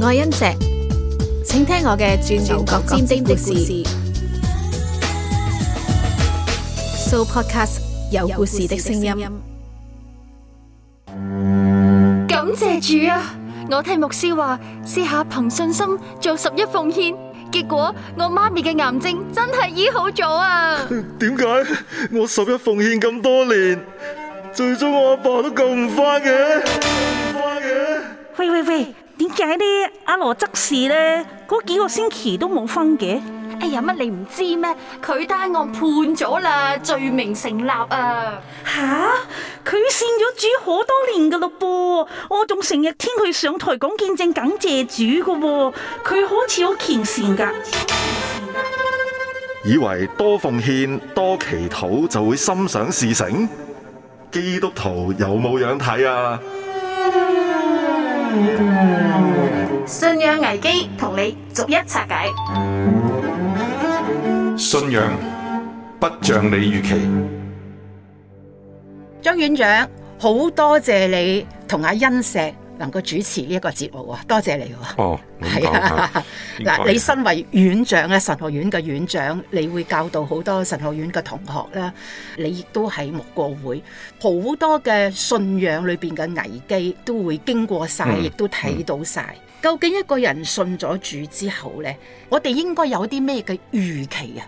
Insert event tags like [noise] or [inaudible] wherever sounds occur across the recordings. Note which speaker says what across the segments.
Speaker 1: 愛恩石，請聽我嘅轉轉角尖尖的故事。數
Speaker 2: podcast 有故事的聲音。感謝主啊！我聽牧師話，試下憑信心做十一奉獻，結果我媽咪嘅癌症真係醫好咗啊！點解我
Speaker 1: 十一奉獻咁多年，最終我阿爸都救唔返嘅？救唔返嘅？喂喂喂！點解呢？阿羅則士呢？嗰幾個星期都冇分嘅。哎呀，乜你唔知咩？佢單案判咗啦，罪名成立啊！吓、啊，佢扇咗主好多年噶咯噃，我仲成日聽佢上台講見證感謝主噶，佢好似好虔善噶。
Speaker 3: 以為多奉獻多祈禱就會心想事成，基督徒有冇樣睇啊？
Speaker 1: 信仰危機同你逐一拆解。
Speaker 3: 信仰不像你預期。
Speaker 1: 張院長，好多謝你同阿欣石。能夠主持呢一個節目啊，多謝你喎！
Speaker 3: 哦，唔同
Speaker 1: 㗎，嗱，你身為院長咧，神學院嘅院長，你會教導好多神學院嘅同學啦，你亦都係牧過會，好多嘅信仰裏邊嘅危機都會經過晒，亦都睇到晒。嗯嗯。究竟一個人信咗主之後呢，我哋應該有啲咩嘅預期啊？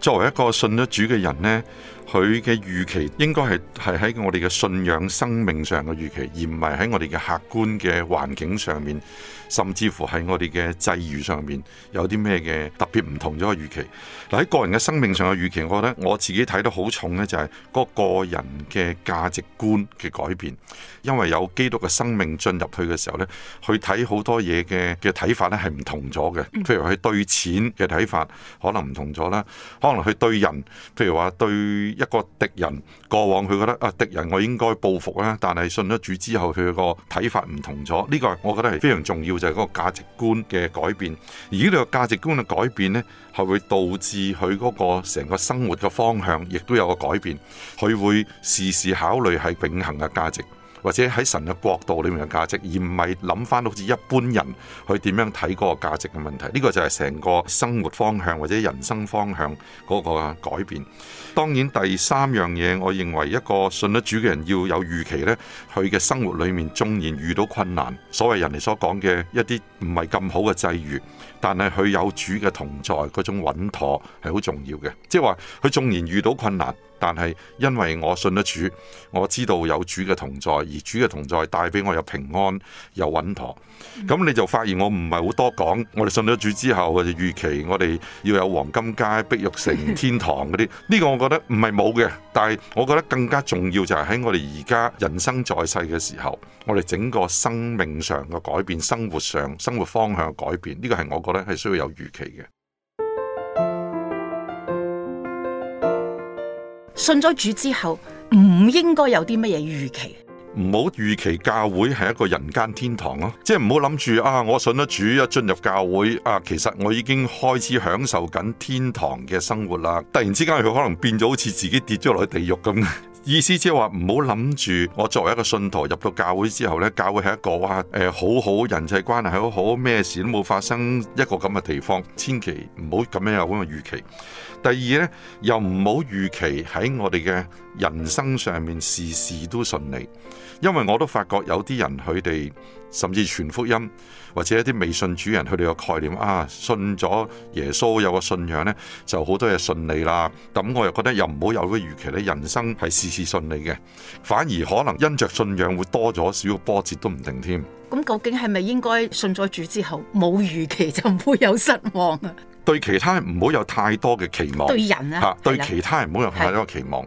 Speaker 3: 作為一個信咗主嘅人呢。佢嘅預期應該係係喺我哋嘅信仰生命上嘅預期，而唔係喺我哋嘅客觀嘅環境上面，甚至乎喺我哋嘅際遇上面有啲咩嘅特別唔同咗嘅預期。嗱，喺個人嘅生命上嘅預期，我覺得我自己睇得好重呢，就係個個人嘅價值觀嘅改變。因為有基督嘅生命進入去嘅時候呢，去睇好多嘢嘅嘅睇法呢，係唔同咗嘅。譬如佢對錢嘅睇法可能唔同咗啦，可能佢對人，譬如話對。一個敵人過往佢覺得啊敵人我應該報復啦，但係信咗主之後佢個睇法唔同咗，呢個我覺得係非常重要，就係個價值觀嘅改變。而呢個價值觀嘅改變咧，係會導致佢嗰個成個生活嘅方向，亦都有個改變。佢會事事考慮係永恆嘅價值。或者喺神嘅國度裏面嘅價值，而唔係諗翻好似一般人去點樣睇嗰個價值嘅問題，呢個就係成個生活方向或者人生方向嗰個改變。當然第三樣嘢，我認為一個信得主嘅人要有預期咧，佢嘅生活裏面縱然遇到困難，所謂人哋所講嘅一啲唔係咁好嘅際遇，但係佢有主嘅同在嗰種穩妥係好重要嘅。即係話，佢縱然遇到困難。但係因為我信得主，我知道有主嘅同在，而主嘅同在帶俾我又平安又穩妥。咁你就發現我唔係好多講，我哋信咗主之後嘅預期，我哋要有黃金街、碧玉城、天堂嗰啲，呢個我覺得唔係冇嘅。但係我覺得更加重要就係喺我哋而家人生在世嘅時候，我哋整個生命上嘅改變、生活上生活方向嘅改變，呢個係我覺得係需要有預期嘅。
Speaker 1: 信咗主之後，唔應該有啲乜嘢預期。
Speaker 3: 唔好預期教會係一個人間天堂囉啊。即係唔好諗住啊！我信咗主一進入教會啊，其實我已經開始享受緊天堂嘅生活啦。突然之間佢可能變咗，好似自己跌咗落去地獄咁。意思即係話唔好諗住，不要想着我作為一個信徒入到教會之後呢，教會係一個哇，誒、呃、好好人際關係好好，好，咩事都冇發生一個咁嘅地方，千祈唔好咁樣有咁嘅預期。第二呢，又唔好預期喺我哋嘅人生上面，事事都順利。因為我都發覺有啲人佢哋甚至傳福音或者一啲未信主人佢哋個概念啊，信咗耶穌有個信仰呢就好多嘢順利啦。咁我又覺得又唔好有個預期咧，人生係事事順利嘅，反而可能因着信仰會多咗少少波折都唔定添。
Speaker 1: 咁究竟係咪應該信咗主之後冇預期就唔會有失望啊？
Speaker 3: 對其他人唔好有太多嘅期望。對人啊，啊對其他人唔好有太多嘅期望。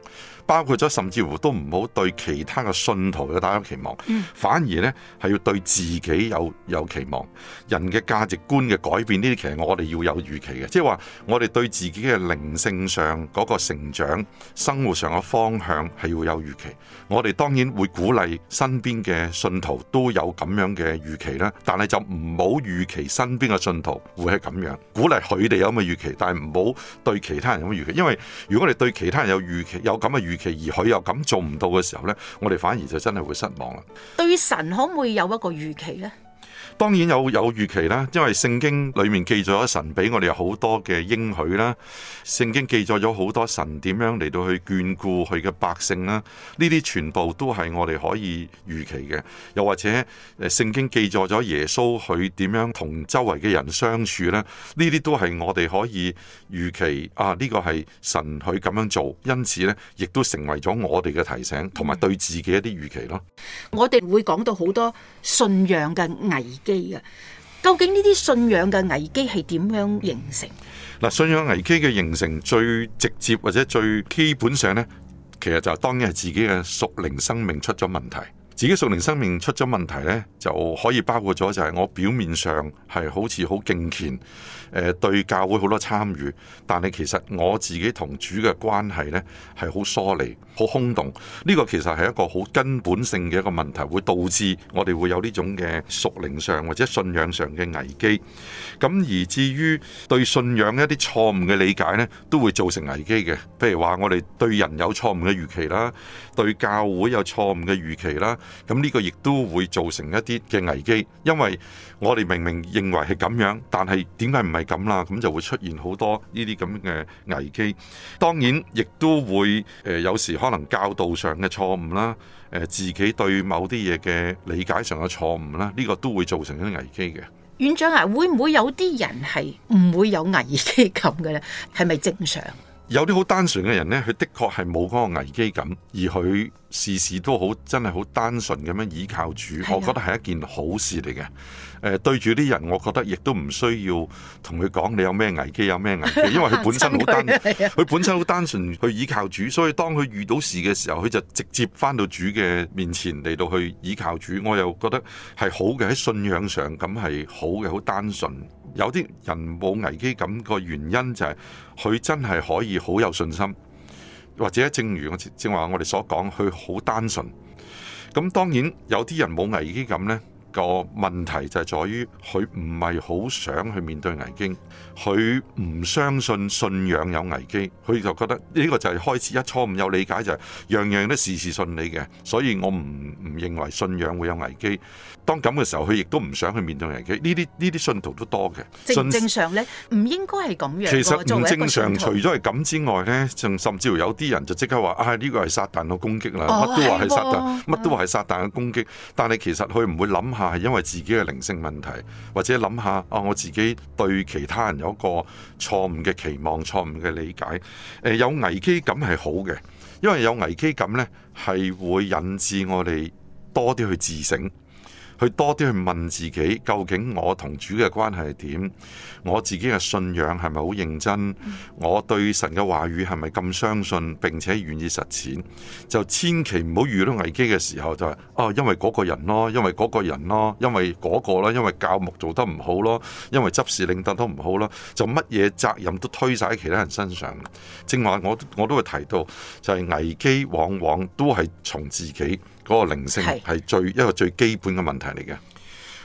Speaker 3: 包括咗甚至乎都唔好對其他嘅信徒有太多期望，嗯、反而咧係要對自己有有期望。人嘅價值觀嘅改變呢啲，其實我哋要有預期嘅，即係話我哋對自己嘅靈性上、嗰個成長生活上嘅方向係要有預期。我哋當然會鼓勵身邊嘅信徒都有咁樣嘅預期啦，但係就唔好預期身邊嘅信徒會係咁樣，鼓勵佢哋有咁嘅預期，但係唔好對其他人有預期，因為如果你對其他人有預期，有咁嘅預，而佢又咁做唔到嘅時候呢，我哋反而就真係會失望啦。
Speaker 1: 對於神，可唔可以有一個預期呢？
Speaker 3: 當然有，有預期啦，因為聖經裏面記載咗神俾我哋好多嘅應許啦，聖經記載咗好多神點樣嚟到去眷顧佢嘅百姓啦，呢啲全部都係我哋可以預期嘅。又或者，誒，聖經記載咗耶穌佢點樣同周圍嘅人相處呢？呢啲都係我哋可以預期啊。呢個係神佢咁樣做，因此呢亦都成為咗我哋嘅提醒，同埋對自己一啲預期咯。
Speaker 1: 我哋會講到好多信仰嘅危。究竟呢啲信仰嘅危機係點樣形成？
Speaker 3: 嗱，信仰危機嘅形成最直接或者最基本上咧，其實就係當然係自己嘅屬靈生命出咗問題。自己屬靈生命出咗問題呢，就可以包括咗就係我表面上係好似好敬虔，誒、呃、對教會好多參與，但係其實我自己同主嘅關係呢，係好疏離、好空洞。呢、這個其實係一個好根本性嘅一個問題，會導致我哋會有呢種嘅屬靈上或者信仰上嘅危機。咁而至於對信仰一啲錯誤嘅理解呢，都會造成危機嘅。譬如話我哋對人有錯誤嘅預期啦，對教會有錯誤嘅預期啦。咁呢個亦都會造成一啲嘅危機，因為我哋明明認為係咁樣，但是是樣，但係點解唔係咁啦？咁就會出現好多呢啲咁嘅危機。當然，亦都會誒，有時可能教導上嘅錯誤啦，誒，自己對某啲嘢嘅理解上嘅錯誤啦，呢個都會造成一啲危機嘅。
Speaker 1: 院長啊，會唔會有啲人係唔會有危機感嘅咧？係咪正常？
Speaker 3: 有啲好單純嘅人呢，佢的確係冇嗰個危機感，而佢。事事都好，真係好單純咁樣倚靠主，啊、我覺得係一件好事嚟嘅。誒，對住啲人，我覺得亦都唔需要同佢講你有咩危機，有咩危機，因為佢本身好單，佢 [laughs] 本身好單純去倚靠主，所以當佢遇到事嘅時候，佢就直接翻到主嘅面前嚟到去倚靠主。我又覺得係好嘅，喺信仰上咁係好嘅，好單純。有啲人冇危機感個原因就係佢真係可以好有信心。或者正如我正話，我哋所講，佢好單純。咁當然有啲人冇危機感呢。個問題就係在於佢唔係好想去面對危機，佢唔相信信仰有危機，佢就覺得呢個就係開始一初五有理解就係、是、樣樣都事事順利嘅，所以我唔唔認為信仰會有危機。當咁嘅時候，佢亦都唔想去面對危機。呢啲呢啲信徒都多嘅，正
Speaker 1: 常咧，唔應該係咁樣。其實唔正常，除咗
Speaker 3: 係咁之外咧，仲甚至乎有啲人就即刻話：，啊呢、這個係撒旦嘅攻擊啦，乜、哦、都話係撒旦，乜都話係撒旦嘅攻擊。但係其實佢唔會諗下。係因為自己嘅靈性問題，或者諗下啊，我自己對其他人有一個錯誤嘅期望、錯誤嘅理解。誒、呃，有危機感係好嘅，因為有危機感呢，係會引致我哋多啲去自省。去多啲去問自己，究竟我同主嘅關係係點，我自己嘅信仰係咪好認真？我對神嘅話語係咪咁相信並且願意實踐，就千祈唔好遇到危機嘅時候就係哦，因為嗰個人咯、啊，因為嗰個人咯、啊，因為嗰個啦、啊，因、啊、因為教牧做得唔好咯、啊，因為執事領導都唔好咯、啊，就乜嘢責任都推晒喺其他人身上。正話我我都會提到，就係危機往往都係從自己。嗰個靈性係最一個最基本嘅問題嚟嘅。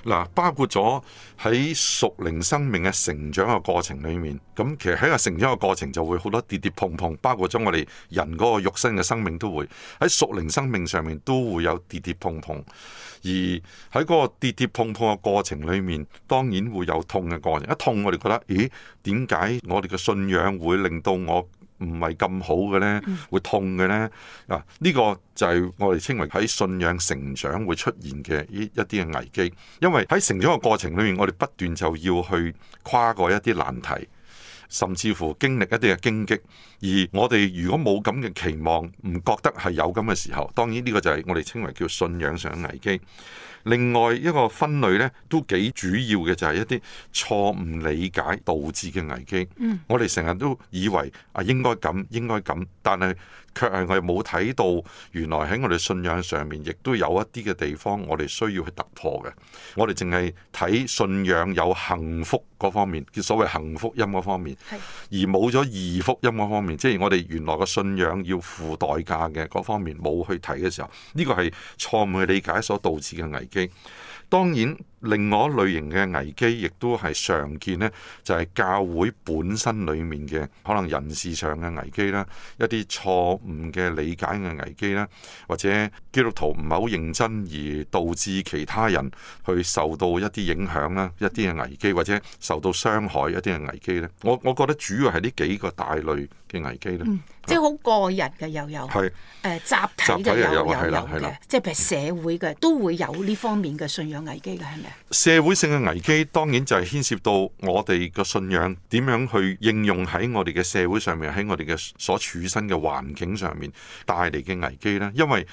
Speaker 3: 嗱，包括咗喺屬靈生命嘅成長嘅過程裏面，咁其實喺個成長嘅過程就會好多跌跌碰碰，包括咗我哋人嗰個肉身嘅生命都會喺屬靈生命上面都會有跌跌碰碰。而喺嗰個跌跌碰碰嘅過程裏面，當然會有痛嘅過程。一痛，我哋覺得，咦？點解我哋嘅信仰會令到我唔係咁好嘅呢，會痛嘅呢。啊，呢個就係我哋稱為喺信仰成長會出現嘅一一啲嘅危機，因為喺成長嘅過程裏面，我哋不斷就要去跨過一啲難題，甚至乎經歷一啲嘅荊棘。而我哋如果冇咁嘅期望，唔覺得係有咁嘅時候，當然呢個就係我哋稱為叫信仰上危機。另外一個分類咧，都幾主要嘅就係一啲錯誤理解導致嘅危機。嗯，我哋成日都以為啊應該咁應該咁，但係卻係我哋冇睇到原來喺我哋信仰上面亦都有一啲嘅地方，我哋需要去突破嘅。我哋淨係睇信仰有幸福嗰方面，叫所謂幸福音嗰方面，而冇咗義福音嗰方面。即係我哋原來嘅信仰要付代價嘅嗰方面冇去睇嘅時候，呢個係錯誤嘅理解所導致嘅危機。當然。另外一類型嘅危機，亦都係常見呢，就係教會本身裡面嘅可能人事上嘅危機啦，一啲錯誤嘅理解嘅危機啦，或者基督徒唔係好認真而導致其他人去受到一啲影響啦，一啲嘅危機或者受到傷害一啲嘅危機咧。我我覺得主要係呢幾個大類嘅危機咧。嗯，
Speaker 1: 即係好個人嘅又有，誒集體嘅又有嘅，即係譬如社會嘅都會有呢方面嘅信仰危機嘅，係咪？
Speaker 3: 社會性嘅危機當然就係牽涉到我哋嘅信仰點樣去應用喺我哋嘅社會上面，喺我哋嘅所處身嘅環境上面帶嚟嘅危機啦，因為，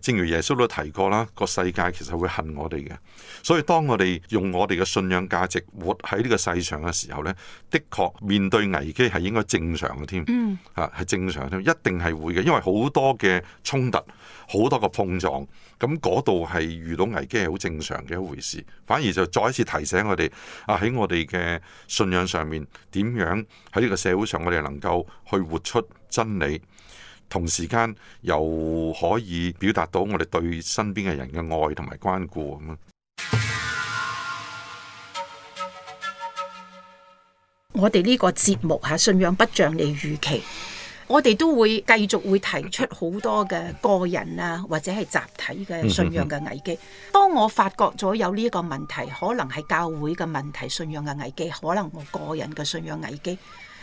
Speaker 3: 正如耶穌都提過啦，個世界其實會恨我哋嘅，所以當我哋用我哋嘅信仰價值活喺呢個世上嘅時候呢，的確面對危機係應該正常嘅添，啊係正常添，一定係會嘅，因為好多嘅衝突，好多個碰撞，咁嗰度係遇到危機係好正常嘅一回事，反而就再一次提醒我哋啊，喺我哋嘅信仰上面，點樣喺呢個社會上我哋能夠去活出真理。同時間又可以表達到我哋對身邊嘅人嘅愛同埋關顧，咁
Speaker 1: 我哋呢個節目嚇，信仰不像你預期，我哋都會繼續會提出好多嘅個人啊，或者係集體嘅信仰嘅危機。當我發覺咗有呢個問題，可能係教會嘅問題，信仰嘅危機，可能我個人嘅信仰危機。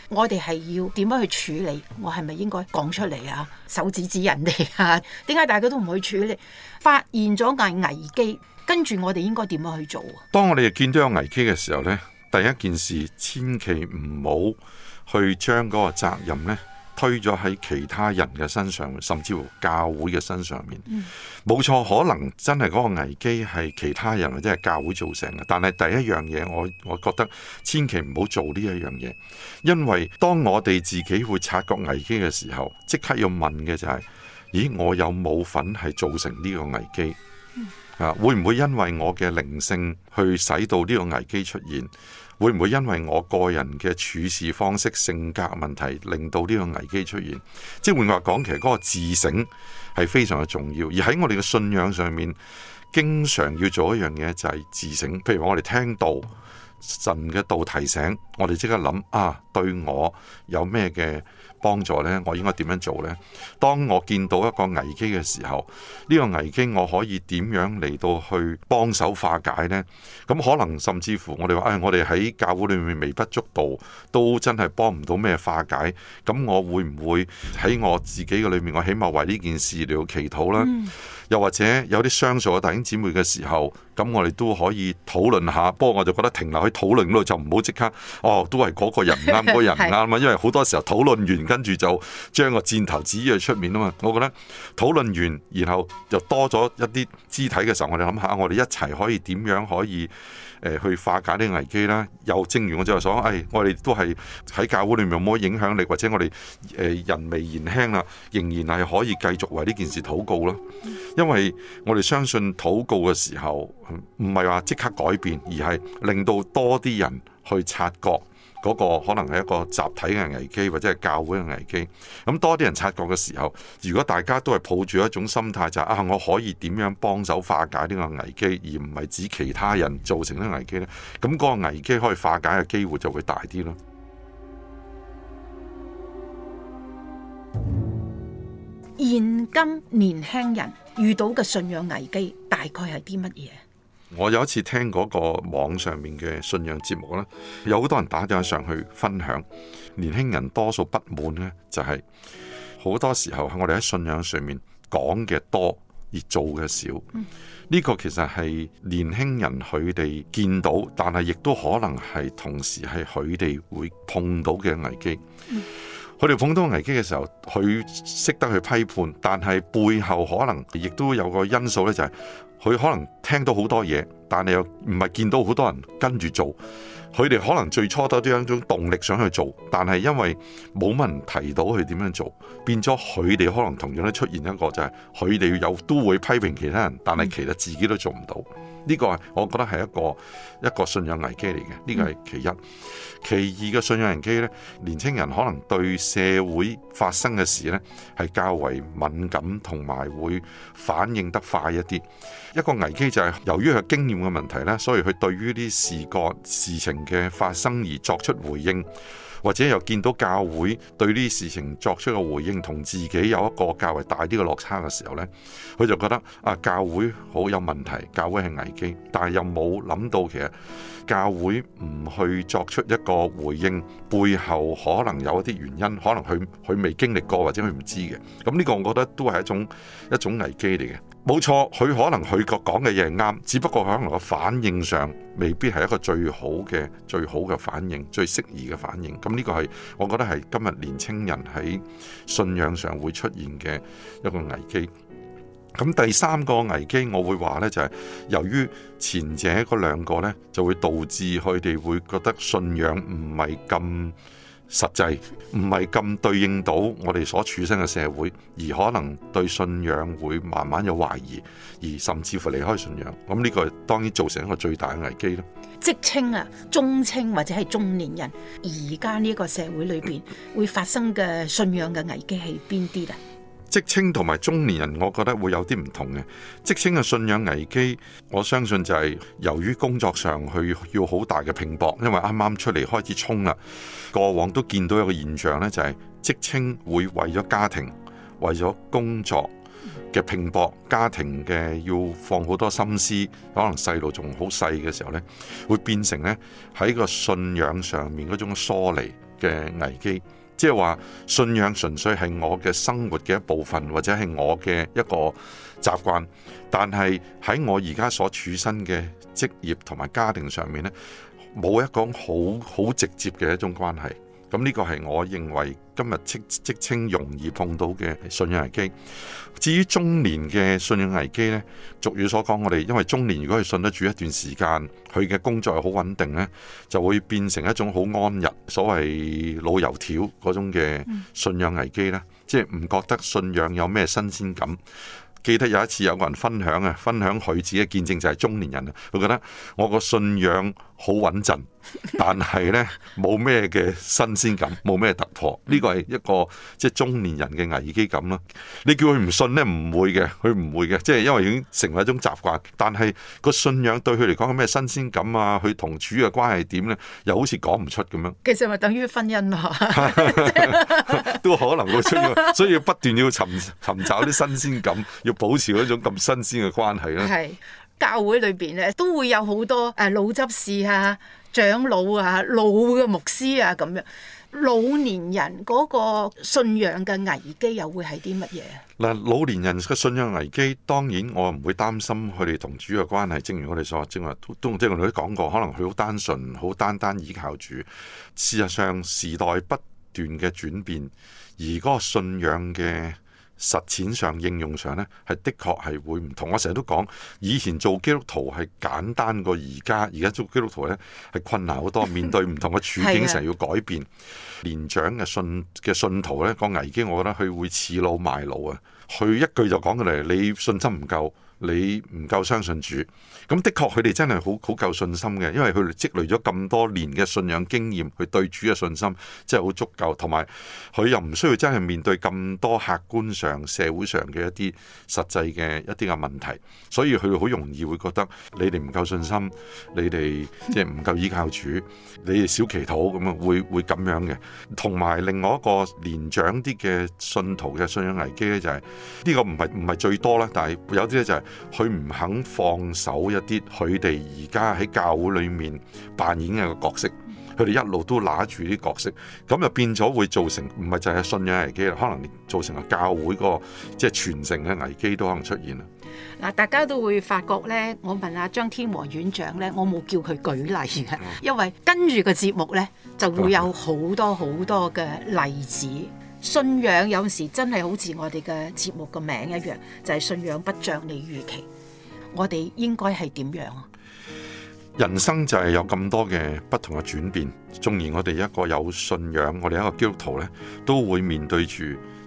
Speaker 1: 我哋係要點樣去處理？我係咪應該講出嚟啊？手指指人哋啊？點解大家都唔去處理？發現咗個危機，跟住我哋應該點樣去做？
Speaker 3: 當我哋見到有危機嘅時候呢，第一件事千祈唔好去將嗰個責任呢。推咗喺其他人嘅身上，甚至乎教會嘅身上面，冇錯、嗯，可能真係嗰個危機係其他人或者係教會造成嘅。但係第一樣嘢，我我覺得千祈唔好做呢一樣嘢，因為當我哋自己會察覺危機嘅時候，即刻要問嘅就係、是：咦，我有冇份係造成呢個危機？啊，會唔會因為我嘅靈性去使到呢個危機出現？會唔會因為我個人嘅處事方式、性格問題，令到呢個危機出現？即係換話講，其實嗰個自省係非常之重要。而喺我哋嘅信仰上面，經常要做一樣嘢就係自省。譬如我哋聽道……神嘅道提醒我哋，即刻諗啊！對我有咩嘅幫助呢？我應該點樣做呢？當我見到一個危機嘅時候，呢個危機我可以點樣嚟到去幫手化解呢？咁可能甚至乎我哋話：誒，我哋喺教會裏面微不足道，都真係幫唔到咩化解。咁我會唔會喺我自己嘅裏面，我起碼為呢件事嚟到祈禱啦、嗯？又或者有啲相處嘅弟兄姊妹嘅時候。咁我哋都可以討論下，不過我就覺得停留喺討論度就唔好即刻哦，都係嗰個人唔啱，嗰 [laughs] 個人唔啱啊！因為好多時候討論完跟住就將個箭頭指咗去出面啊嘛。我覺得討論完，然後就多咗一啲肢體嘅時候，我哋諗下，我哋一齊可以點樣可以誒、呃、去化解呢個危機啦。又正如我之後想：「誒、哎、我哋都係喺教會裏面有冇影響力，或者我哋誒、呃、人微言輕啦，仍然係可以繼續為呢件事禱告咯。因為我哋相信禱告嘅時候。唔係話即刻改變，而係令到多啲人去察覺嗰個可能係一個集體嘅危機，或者係教會嘅危機。咁多啲人察覺嘅時候，如果大家都係抱住一種心態、就是，就啊我可以點樣幫手化解呢個危機，而唔係指其他人造成呢、呢個危機呢咁嗰個危機可以化解嘅機會就會大啲咯。
Speaker 1: 現今年輕人遇到嘅信仰危機，大概係啲乜嘢？
Speaker 3: 我有一次聽嗰個網上面嘅信仰節目咧，有好多人打電話上去分享。年輕人多數不滿呢，就係好多時候喺我哋喺信仰上面講嘅多而做嘅少。呢個其實係年輕人佢哋見到，但係亦都可能係同時係佢哋會碰到嘅危機。佢哋碰到危機嘅時候，佢識得去批判，但係背後可能亦都有個因素呢，就係、是。佢可能聽到好多嘢，但係又唔係見到好多人跟住做。佢哋可能最初都有一種動力想去做，但係因為冇乜人提到佢點樣做，變咗佢哋可能同樣都出現一個就係佢哋有都會批評其他人，但係其實自己都做唔到。呢、這個係我覺得係一個一個信仰危機嚟嘅，呢個係其一。其二嘅信仰危機咧，年青人可能對社會發生嘅事咧係較為敏感，同埋會反應得快一啲。一個危機就係由於佢經驗嘅問題咧，所以佢對於啲事情嘅發生而作出回應。或者又見到教會對呢啲事情作出嘅回應同自己有一個較為大啲嘅落差嘅時候呢，佢就覺得啊，教會好有問題，教會係危機。但係又冇諗到其實教會唔去作出一個回應，背後可能有一啲原因，可能佢佢未經歷過或者佢唔知嘅。咁呢個我覺得都係一種一種危機嚟嘅。冇錯，佢可能佢個講嘅嘢係啱，只不過可能個反應上未必係一個最好嘅最好嘅反應，最適宜嘅反應。咁呢個係我覺得係今日年青人喺信仰上會出現嘅一個危機。咁第三個危機我會話呢就係、是、由於前者嗰兩個呢，就會導致佢哋會覺得信仰唔係咁。實際唔係咁對應到我哋所處身嘅社會，而可能對信仰會慢慢有懷疑，而甚至乎離開信仰。咁、這、呢個當然造成一個最大嘅危機咯。
Speaker 1: 職青啊、中青或者係中年人，而家呢個社會裏邊會發生嘅信仰嘅危機係邊啲咧？
Speaker 3: 職青同埋中年人，我覺得會有啲唔同嘅。職青嘅信仰危機，我相信就係由於工作上去要好大嘅拼搏，因為啱啱出嚟開始衝啦。過往都見到一個現象呢，就係職青會為咗家庭、為咗工作嘅拼搏，家庭嘅要放好多心思，可能細路仲好細嘅時候呢，會變成呢喺個信仰上面嗰種疏離嘅危機。即係話信仰純粹係我嘅生活嘅一部分，或者係我嘅一個習慣。但係喺我而家所處身嘅職業同埋家庭上面咧，冇一種好好直接嘅一種關係。咁呢個係我認為今日即即稱容易碰到嘅信仰危機。至於中年嘅信仰危機呢，俗語所講，我哋因為中年如果係信得住一段時間，佢嘅工作係好穩定呢，就會變成一種好安逸，所謂老油條嗰種嘅信仰危機呢，即係唔覺得信仰有咩新鮮感。記得有一次有個人分享啊，分享佢自己嘅見證就係中年人啊，佢覺得我個信仰。好穩陣，但係咧冇咩嘅新鮮感，冇咩突破。呢個係一個即係中年人嘅危機感咯。你叫佢唔信咧，唔會嘅，佢唔會嘅。即係因為已經成為一種習慣。但係個信仰對佢嚟講係咩新鮮感啊？佢同主嘅關係點咧？又好似講唔出咁樣。
Speaker 1: 其實咪等於婚姻咯， [laughs]
Speaker 3: [laughs] 都可能會出現，所以要不斷要尋，尋找啲新鮮感，要保持一種咁新鮮嘅關係咯。係。
Speaker 1: 教會裏邊咧都會有好多誒老執事啊、長老啊、老嘅牧師啊咁樣，老年人嗰個信仰嘅危機又會係啲乜嘢？
Speaker 3: 嗱，老年人嘅信仰危機，當然我唔會擔心佢哋同主嘅關係，正如我哋所正話都，即係我哋都講過，可能佢好單純，好單單依靠主。事實上，時代不斷嘅轉變，而嗰個信仰嘅。實踐上、應用上咧，係的確係會唔同。我成日都講，以前做基督徒係簡單過而家，而家做基督徒咧係困難好多。面對唔同嘅處境，成 [laughs] 日要改變年長嘅信嘅信徒咧、那個危機，我覺得佢會恃老賣老啊！佢一句就講過嚟，你信心唔夠。你唔夠相信主，咁的確，佢哋真係好好夠信心嘅，因為佢哋積累咗咁多年嘅信仰經驗，佢對主嘅信心真係好足夠，同埋佢又唔需要真係面對咁多客觀上、社會上嘅一啲實際嘅一啲嘅問題，所以佢好容易會覺得你哋唔夠信心，你哋即係唔夠依靠主，你哋少祈禱咁啊，會會咁樣嘅。同埋另外一個年長啲嘅信徒嘅信仰危機咧、就是，就係呢個唔係唔係最多咧，但係有啲咧就係、是。佢唔肯放手一啲，佢哋而家喺教會裏面扮演嘅個角色，佢哋一路都拿住啲角色，咁就變咗會造成，唔係就係信仰危機啦，可能造成個教會、嗰個即係傳承嘅危機都可能出現啦。
Speaker 1: 嗱，大家都會發覺咧，我問阿張天和院長咧，我冇叫佢舉例嘅，因為跟住個節目咧就會有好多好多嘅例子。信仰有時真係好似我哋嘅節目嘅名一樣，就係信仰不像你預期。我哋應該係點樣啊？
Speaker 3: 人生就係有咁多嘅不同嘅轉變，縱然我哋一個有信仰，我哋一個基督徒呢，都會面對住。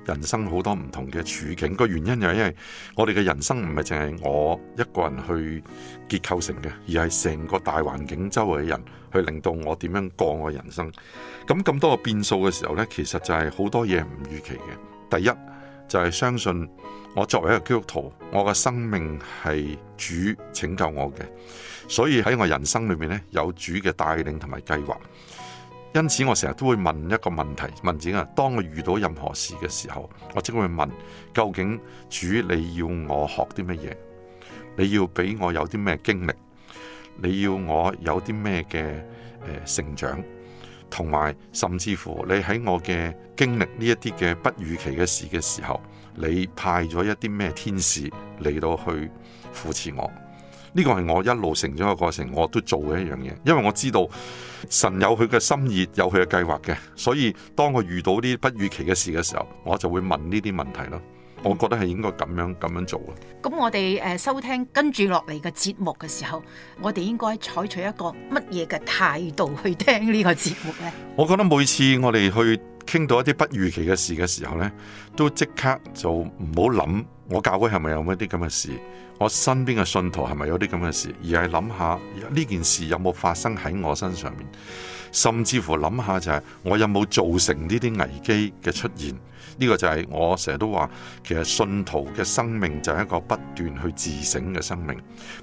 Speaker 3: 人生好多唔同嘅處境，個原因就係因為我哋嘅人生唔係淨係我一個人去結構成嘅，而係成個大環境周圍嘅人去令到我點樣過我人生。咁咁多個變數嘅時候呢，其實就係好多嘢唔預期嘅。第一就係相信我作為一個基督徒，我嘅生命係主拯救我嘅，所以喺我人生裏面呢，有主嘅帶領同埋計劃。因此，我成日都會問一個問題，問主啊，當我遇到任何事嘅時候，我只會問究竟主你要我學啲乜嘢？你要俾我有啲咩經歷？你要我有啲咩嘅成長？同埋甚至乎你喺我嘅經歷呢一啲嘅不預期嘅事嘅時候，你派咗一啲咩天使嚟到去扶持我？呢個係我一路成長嘅過程，我都做嘅一樣嘢。因為我知道神有佢嘅心意，有佢嘅計劃嘅，所以當我遇到啲不預期嘅事嘅時候，我就會問呢啲問題咯。我覺得係應該咁樣咁樣做咯。
Speaker 1: 咁我哋誒收聽跟住落嚟嘅節目嘅時候，我哋應該採取一個乜嘢嘅態度去聽呢個節目呢？
Speaker 3: 我覺得每次我哋去傾到一啲不預期嘅事嘅時候呢，都即刻就唔好諗我教會係咪有一啲咁嘅事。我身邊嘅信徒係咪有啲咁嘅事？而係諗下呢件事有冇發生喺我身上面，甚至乎諗下就係、是、我有冇造成呢啲危機嘅出現？呢、這個就係我成日都話，其實信徒嘅生命就係一個不斷去自省嘅生命，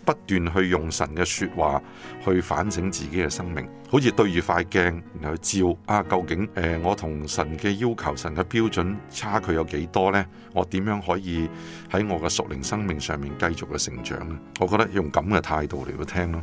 Speaker 3: 不斷去用神嘅説話去反省自己嘅生命，好似對住塊鏡然後照啊，究竟、呃、我同神嘅要求、神嘅標準差距有幾多少呢？我點樣可以喺我嘅屬靈生命上面繼續？成長，我覺得用咁嘅態度嚟去聽咯。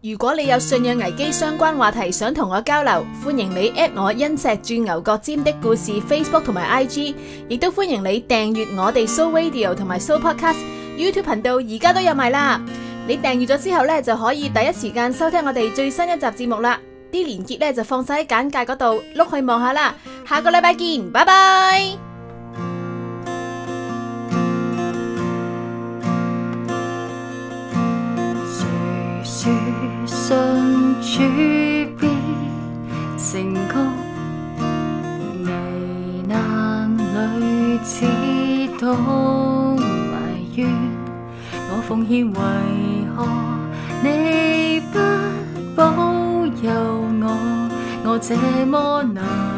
Speaker 1: 如果你有信仰危機相關話題想同我交流，歡迎你 at 我《因石鑽牛角尖的故事》Facebook 同埋 IG，亦都歡迎你訂閱我哋 Show Radio 同埋 Show Podcast YouTube 頻道，而家都有埋啦。你訂閱咗之後咧，就可以第一時間收聽我哋最新一集節目啦。啲連結咧就放晒喺簡介嗰度，碌去望下啦。下個禮拜見，
Speaker 2: 拜拜。這麼難。